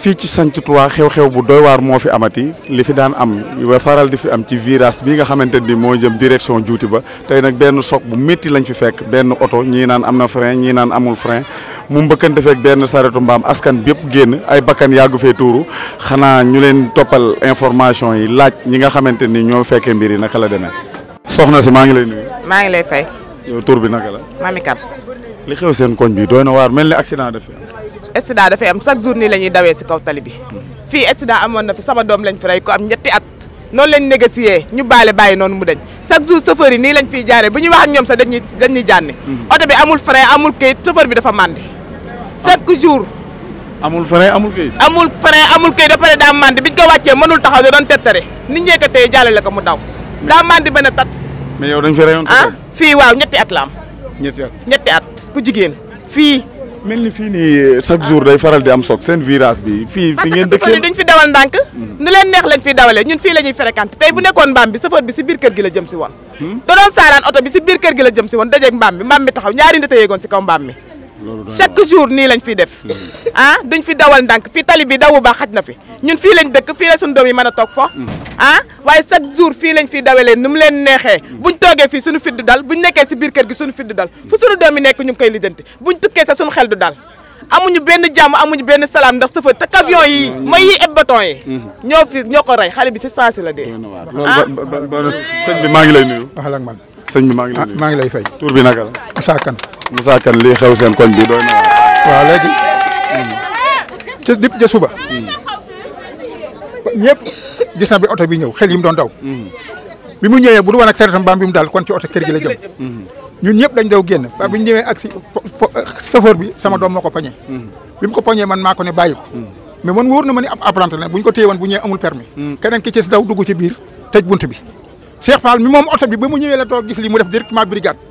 fi ci santu toa xew-xew bu doy war mo fi amati li fi daan am wa faral di fi am ci virage bi nga xamanteni mo jëm direction djouti ba tay nak benn sok bu metti lañ fi fekk benn auto ñi naan amna frein ñi naan amul frein mu mbëkkante fek benn saretu mbam askan bepp genn ay bakkan yagu fe touru xana ñu leen topal information yi laaj ñi nga xamanteni ño fekke mbiri mbir naka la demee. soxna ci ma ngi lay nuyu. ma ngi lay fay. yow tour bi naka la. Mami li xew seen koñ bi doyna war melni accident da fi accident dafay am chaque jour nii la ñuy dawee si kaw tali bi fii accident amoon na fi sama doom lañ fi rey ko am ñetti at noonu lañ négocier ñu baale bàyyi noonu mu dañ chaque jour chauffeur yi nii lañ jaare jaaree bu ñuy wax ak ñoom sax dañuy dañuy jànni mm-hmm. oto bi amul frein amul kayit chauffeur bi dafa màndi chaque jour amul frein amul kayit amul frein amul kayit da pare daa biñ ko wàccee mënul taxaw da doon tettare nit ñee ko tey jàllale ko mu daw daa màndi ba ne tat mais yow dañ fi reyoon ah fii waaw ñetti at la am ñetti at ñetti at ku jigéen fii mel ni fii nii euh, chaque jour day faral di am soog seen virage bi. fii fi ngeen dëkkee parce que duñ fi dawal ndànk. Hmm. nu leen neex lañ fiy dawalee ñun fii la ñuy kant tey bu nekkoon mbaam bi safar bi si biir kër gi la jëm si woon. da hmm? doon oto bi si biir kër gi la jëm si woon dajeeg mbaam bi mbaam bi taxaw ñaari nit a yéegoon si kaw mbaam mi. chaque jour nii lañ fi def ah duñ fi dawal ndànk fii tali bi dawu ba xaj na fi ñun fii lañ dëkk fi la suñu doom yi mën a toog fo ah waaye chaque jour fii lañ fiy dawalee nu mu leen neexee bu buñ toogee fii suñu fit du dal ñu nekkee si biir kër gi suñu fit du dal fu suñu doom yi nekk ñu ngi koy bu buñ tukkee sa suñu xel du dal amuñu benn jàmm amuñu benn salaam ndax safa te avion yi mooy yi eb yi ñoo fi ñoo ko rey xale bi si sensi la dee ah. sëñ bi maa ngi lay nuyu waxal ak man sëñ maa ngi lay ah, maa ngi lay fay tur bi naka la Moussa Kane Moussa Kane bi doy ca dépp ca suba. ñëpp gis na bi oto bi ñëw xel yi mu doon daw. bi mu ñëwee bu du woon ak saretam mbaam bi mu daal kon ci oto kër gi la jëm. ñu ñëpp dañ daw génn ba bi ñu ñëwee ak si chauffeur bi sama doom moo ko poñee. bi mu ko poñee man maa ko ne bàyyi ko. man wóor ma ni ab apprenti la ko téye woon bu ñëwee amul permis. keneen ki ci daw dugg ci biir tëj bunt bi. Cheikh Fall mi moom oto bi ba mu ñëwee la toog gis li mu def directement brigade.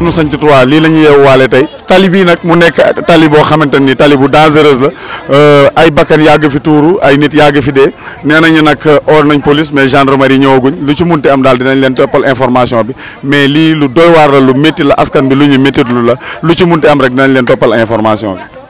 nu sañ ci lii la ñu tey tali bii nag mu nekk tali boo xamante ni tali bu dangereuse la euh, ay bakkan yàgg fi tuuru ay nit yàgg fi dee nee nañu nag euh, or nañ police mais gendarmerie ñëwaguñ lu ci munte am daal dinañ leen toppal information bi mais li lu doy waar la lu métti la askan bi lu ñuy méttitlu la lu ci munti am rek dinañ leen toppal information bi